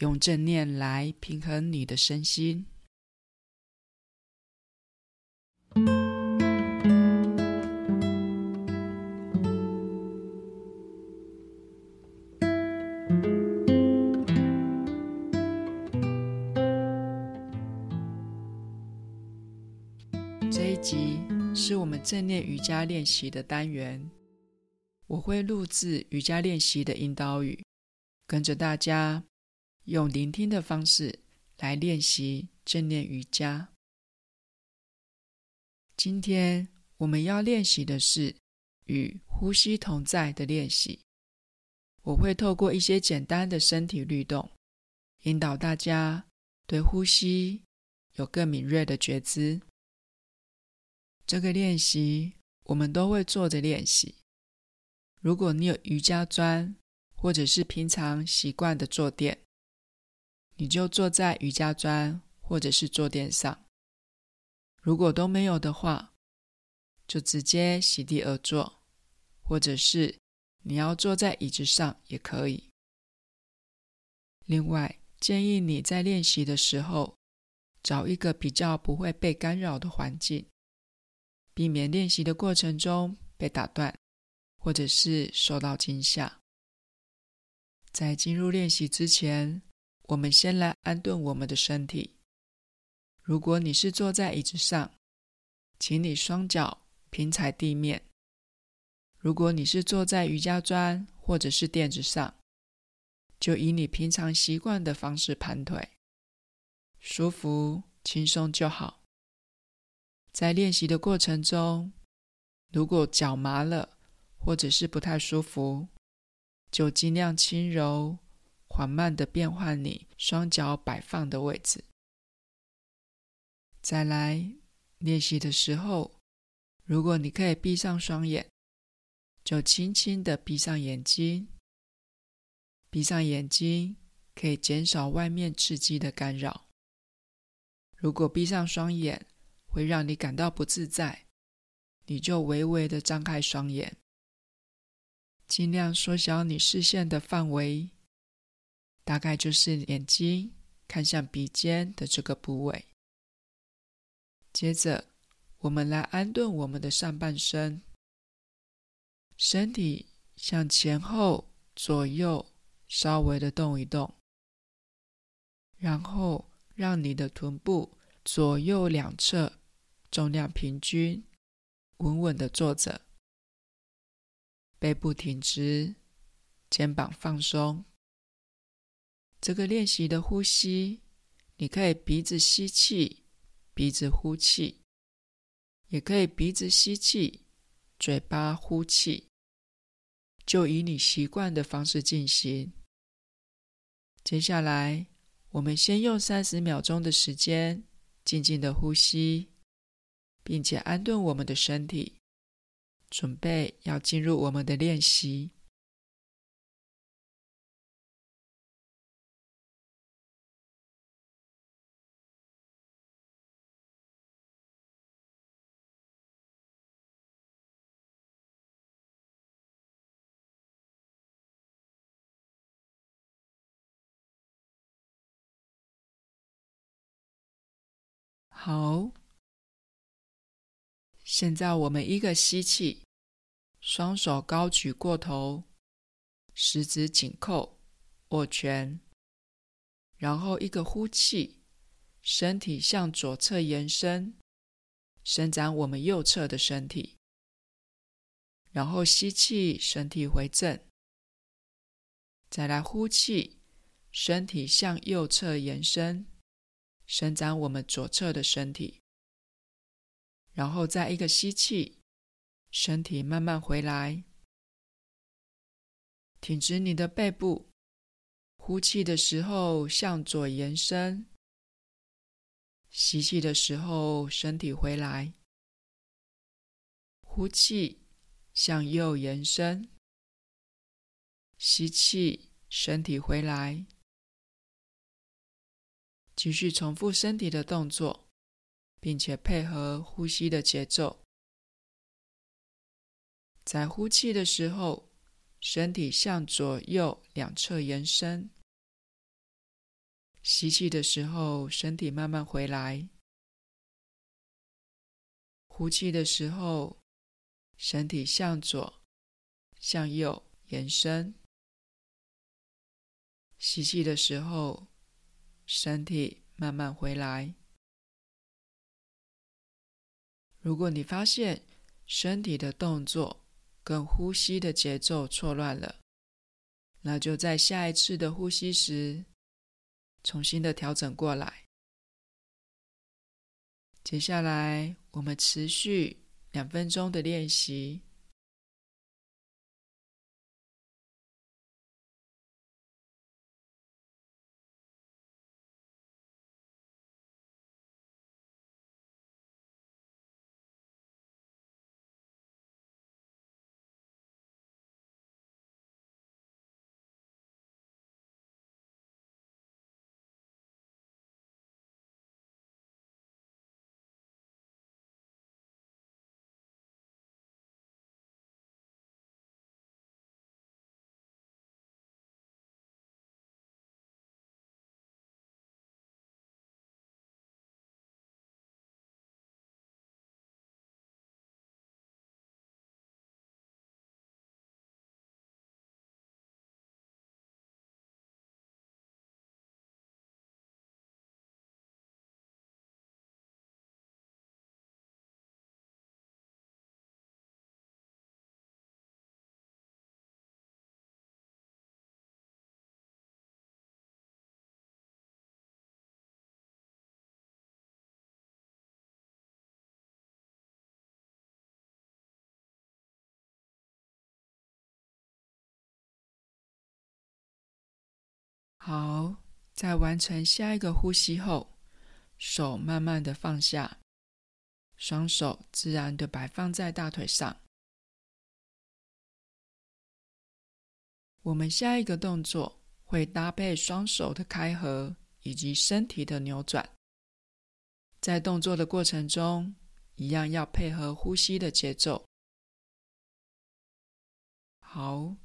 用正念來平衡你的身心。這一集是我們正念瑜伽練習的單元，我會錄製瑜伽練習的引導語，跟着大家。用聆聽的方式來練習正念瑜伽。今天我們要練習的是與呼吸同在的練習。我會透過一些簡單的身體律動，引導大家對呼吸有更敏銳的覺知。這個練習我們都會坐着練習。如果你有瑜伽磚，或者是平常習慣的坐墊，你就坐在瑜伽磚或者是坐墊上，如果都沒有的話，就直接席地而坐，或者是你要坐在椅子上也可以。另外，建議你在練習的時候找一個比較不會被干擾的環境，避免練習的過程中被打斷或者是受到驚嚇。在進入練習之前，我們先來安頓我們的身體。如果你是坐在椅子上，請你雙腳平踩地面；如果你是坐在瑜伽磚或者是墊子上，就以你平常習慣的方式盤腿，舒服輕鬆就好。在練習的過程中，如果腳麻了或者是不太舒服，就盡量輕柔，緩慢的變換你雙腳擺放的位置。再來練習的時候，如果你可以閉上雙眼，就輕輕的閉上眼睛。閉上眼睛可以減少外面刺激的干擾。如果閉上雙眼會讓你感到不自在，你就微微的張開雙眼，盡量縮小你視線的範圍。大概就是眼睛看向鼻尖的這個部位。接着，我們來安頓我們的上半身，身體向前後、左右稍微的動一動，然後讓你的臀部左右兩側重量平均，穩穩的坐着，背部挺直，肩膀放鬆。這個練習的呼吸，你可以鼻子吸氣，鼻子呼氣；也可以鼻子吸氣，嘴巴呼氣。就以你習慣的方式進行。接下來，我們先用三十秒鐘的時間，靜靜的呼吸，並且安頓我們的身體，準備要進入我們的練習。好，現在我們一個吸氣，雙手高舉過頭，十指緊扣，握拳，然後一個呼氣，身體向左側延伸，伸展我們右側的身體，然後吸氣，身體回正，再來呼氣，身體向右側延伸。伸展我們左側的身體，然後再一個吸氣，身體慢慢回來，挺直你的背部。呼氣的時候向左延伸，吸氣的時候身體回來。呼氣向右延伸，吸氣身體回來。繼續重複身體的動作，並且配合呼吸的節奏。在呼氣的時候，身體向左右兩側延伸；吸氣的時候，身體慢慢回來。呼氣的時候，身體向左、向右延伸；吸氣的時候。身體慢慢回來。如果你發現身體的動作跟呼吸的節奏錯亂了，那就在下一次的呼吸時重新的調整過來。接下來，我們持續兩分鐘的練習。好，在完成下一個呼吸後，手慢慢的放下，雙手自然的擺放在大腿上。我們下一個動作會搭配雙手的開合以及身體的扭轉。在動作的過程中，一樣要配合呼吸的節奏。好，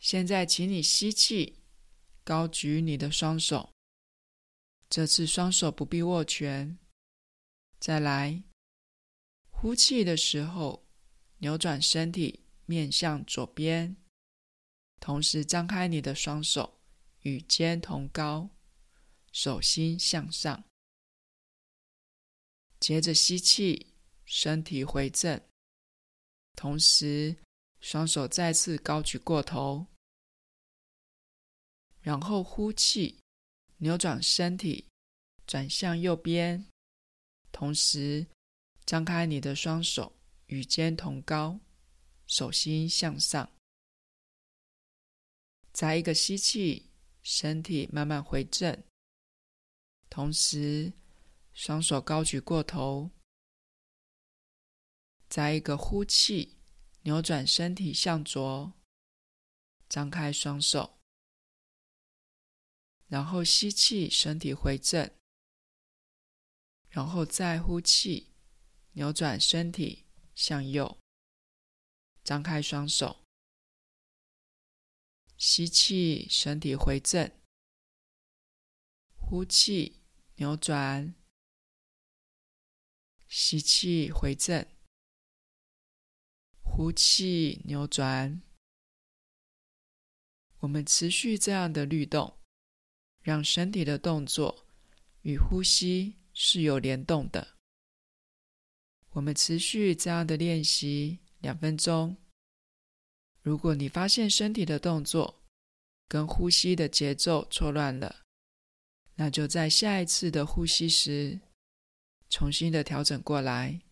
現在請你吸氣。高舉你的雙手，這次雙手不必握拳。再來，呼氣的時候，扭轉身體面向左邊，同時張開你的雙手，與肩同高，手心向上。接着吸氣，身體回正，同時雙手再次高舉過頭。然後呼氣，扭轉身體，轉向右邊，同時張開你的雙手，與肩同高，手心向上。再一個吸氣，身體慢慢回正，同時雙手高舉過頭。再一個呼氣，扭轉身體向左，張開雙手。然後吸氣，身體回正，然後再呼氣，扭轉身體向右，張開雙手，吸氣，身體回正，呼氣，扭轉，吸氣回正，呼氣，扭轉。我們持續這樣的律動。讓身體的動作與呼吸是有聯動的。我們持續這樣的練習兩分鐘。如果你發現身體的動作跟呼吸的節奏錯亂了，那就在下一次的呼吸時，重新的調整過來。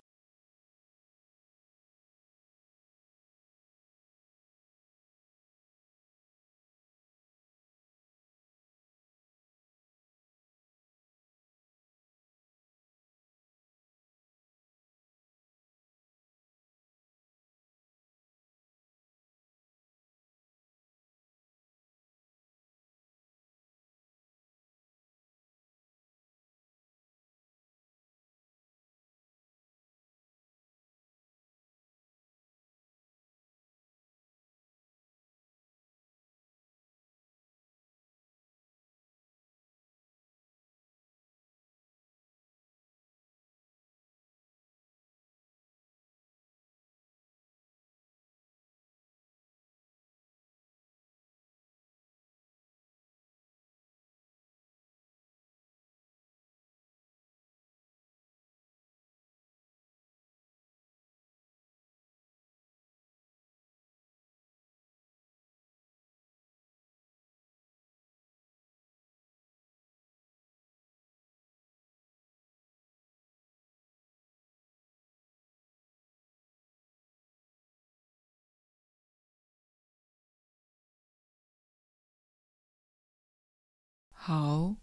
好，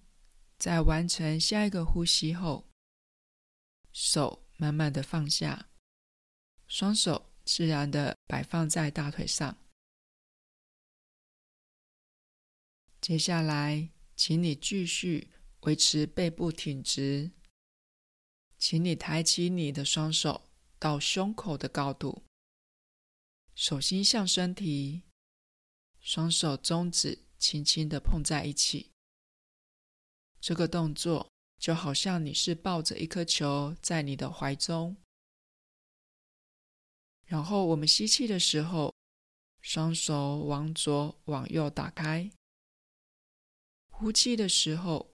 在完成下一個呼吸後，手慢慢的放下，雙手自然的擺放在大腿上。接下來，請你繼續維持背部挺直，請你抬起你的雙手到胸口的高度，手心向身體，雙手中指輕輕的碰在一起。這個動作就好像你是抱着一顆球在你的懷中，然後我們吸氣的時候，雙手往左往右打開；呼氣的時候，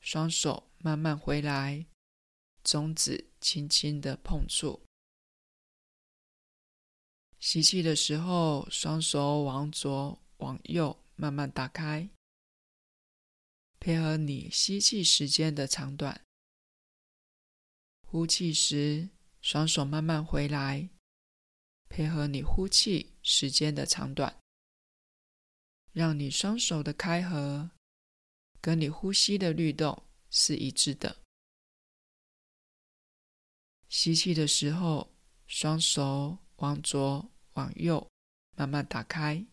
雙手慢慢回來，中指輕輕的碰觸。吸氣的時候，雙手往左往右慢慢打開。配合你吸氣時間的長短，呼氣時雙手慢慢回來，配合你呼氣時間的長短，讓你雙手的開合跟你呼吸的律動是一致的。吸氣的時候，雙手往左往右慢慢打開，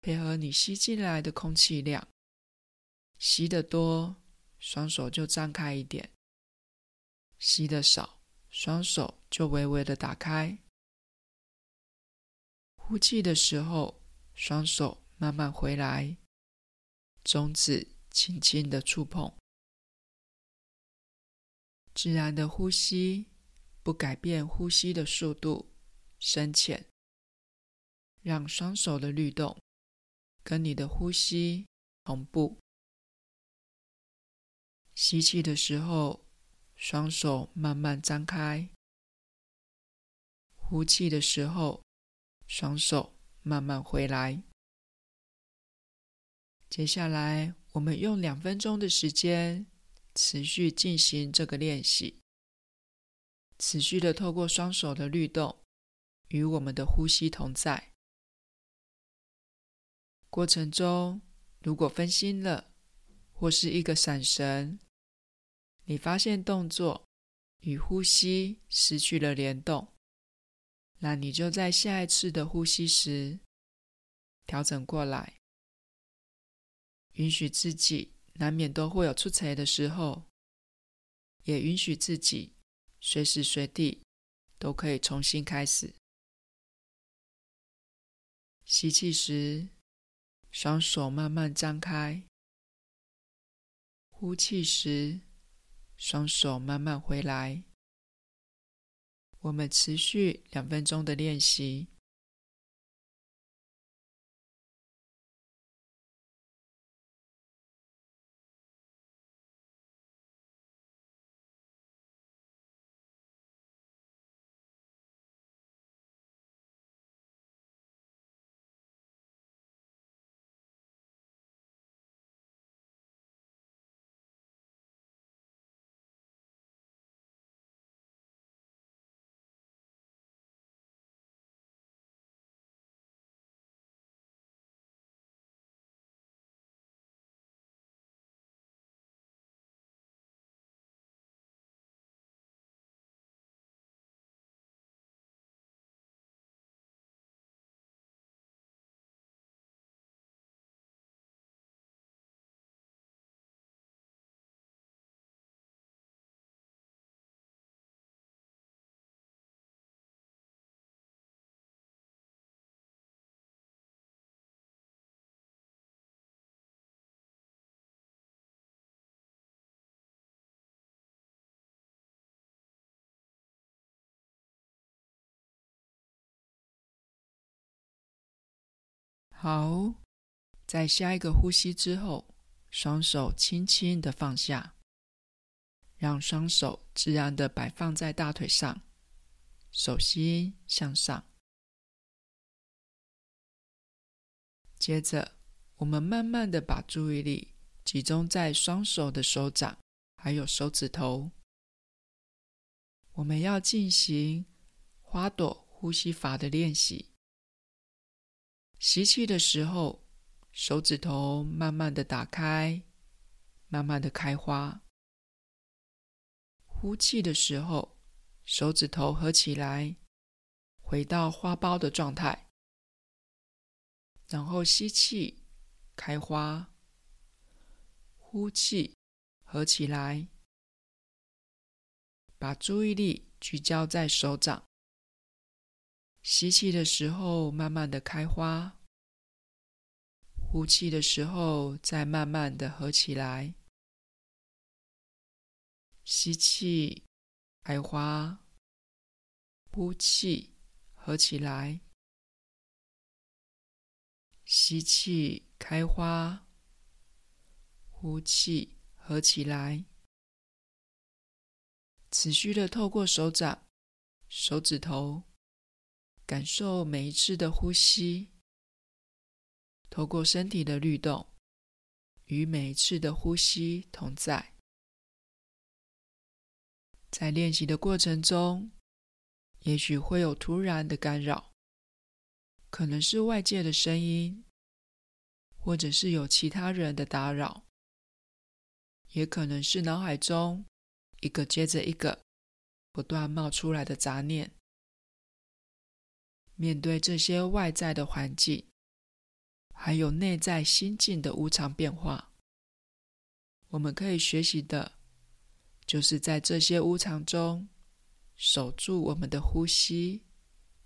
配合你吸進來的空氣量。吸得多，雙手就張開一點；吸得少，雙手就微微的打開。呼氣的時候，雙手慢慢回來，中指輕輕的觸碰。自然的呼吸，不改變呼吸的速度、深淺，讓雙手的律動跟你的呼吸同步。吸氣的時候，雙手慢慢張開；呼氣的時候，雙手慢慢回來。接下來，我們用兩分鐘的時間持續進行這個練習，持續的透過雙手的律動與我們的呼吸同在。過程中，如果分心了，或是一個閃神，你發現動作與呼吸失去了聯動，那你就在下一次的呼吸時調整過來，允許自己難免都會有出彩的時候，也允許自己隨時隨地都可以重新開始。吸氣時，雙手慢慢張開。呼氣時，雙手慢慢回來。我們持續兩分鐘的練習。好，在下一個呼吸之後，雙手輕輕的放下，讓雙手自然的擺放在大腿上，手心向上。接着，我們慢慢的把注意力集中在雙手的手掌還有手指頭。我們要進行花朵呼吸法的練習。吸氣的時候，手指頭慢慢地打開，慢慢地開花。呼氣的時候，手指頭合起來，回到花苞的狀態。然後吸氣，開花；呼氣，合起來。把注意力聚焦在手掌。吸氣的時候，慢慢的開花；呼氣的時候，再慢慢的合起來。吸氣，開花；呼氣，合起來。吸氣，開花；呼氣，合起來。持續的透過手掌、手指頭。感受每一次的呼吸，透過身體的律動，與每一次的呼吸同在。在練習的過程中，也許會有突然的干擾，可能是外界的聲音，或者是有其他人的打擾，也可能是腦海中一個接着一個不斷冒出來的雜念。面對這些外在的環境，還有內在心境的無常變化，我們可以學習的，就是在這些無常中守住我們的呼吸，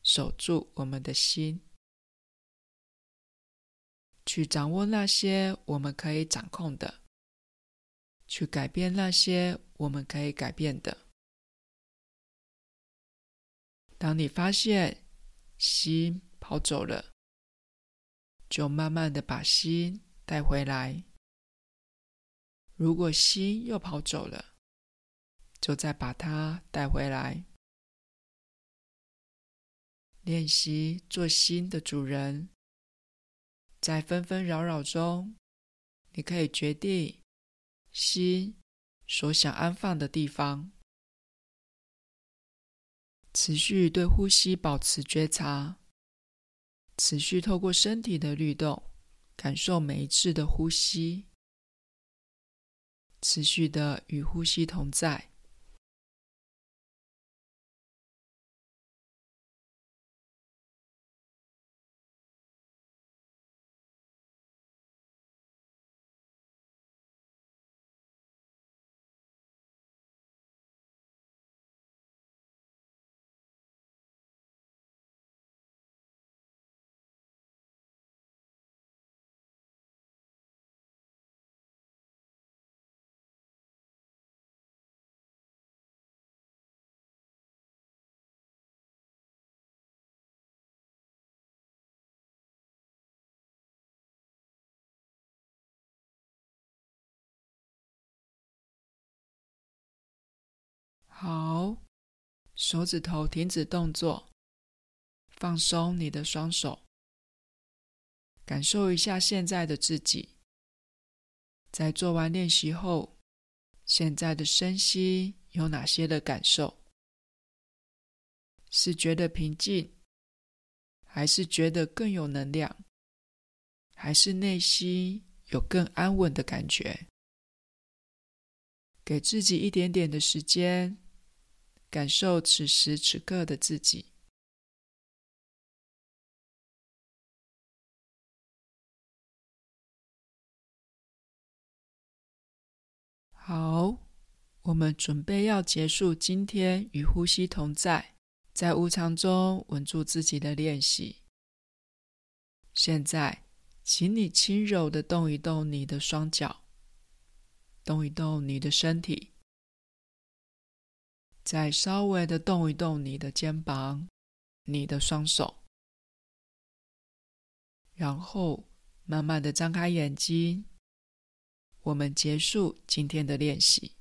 守住我們的心，去掌握那些我們可以掌控的，去改變那些我們可以改變的。當你發現，心跑走了，就慢慢的把心帶回來。如果心又跑走了，就再把它帶回來。練習做心的主人，在紛紛擾擾中，你可以決定心所想安放的地方。持續對呼吸保持覺察，持續透過身體的律動，感受每一次的呼吸，持續的與呼吸同在。好，手指頭停止動作，放鬆你的雙手，感受一下現在的自己。在做完練習後，現在的身心有哪些的感受？是覺得平靜，還是覺得更有能量，還是內心有更安穩的感覺？給自己一點點的時間。感受此時此刻的自己。好，我們準備要結束今天與呼吸同在，在無常中穩住自己的練習。現在，請你輕柔的動一動你的雙腳，動一動你的身體。再稍微的動一動你的肩膀，你的雙手，然後慢慢的張開眼睛。我們結束今天的練習。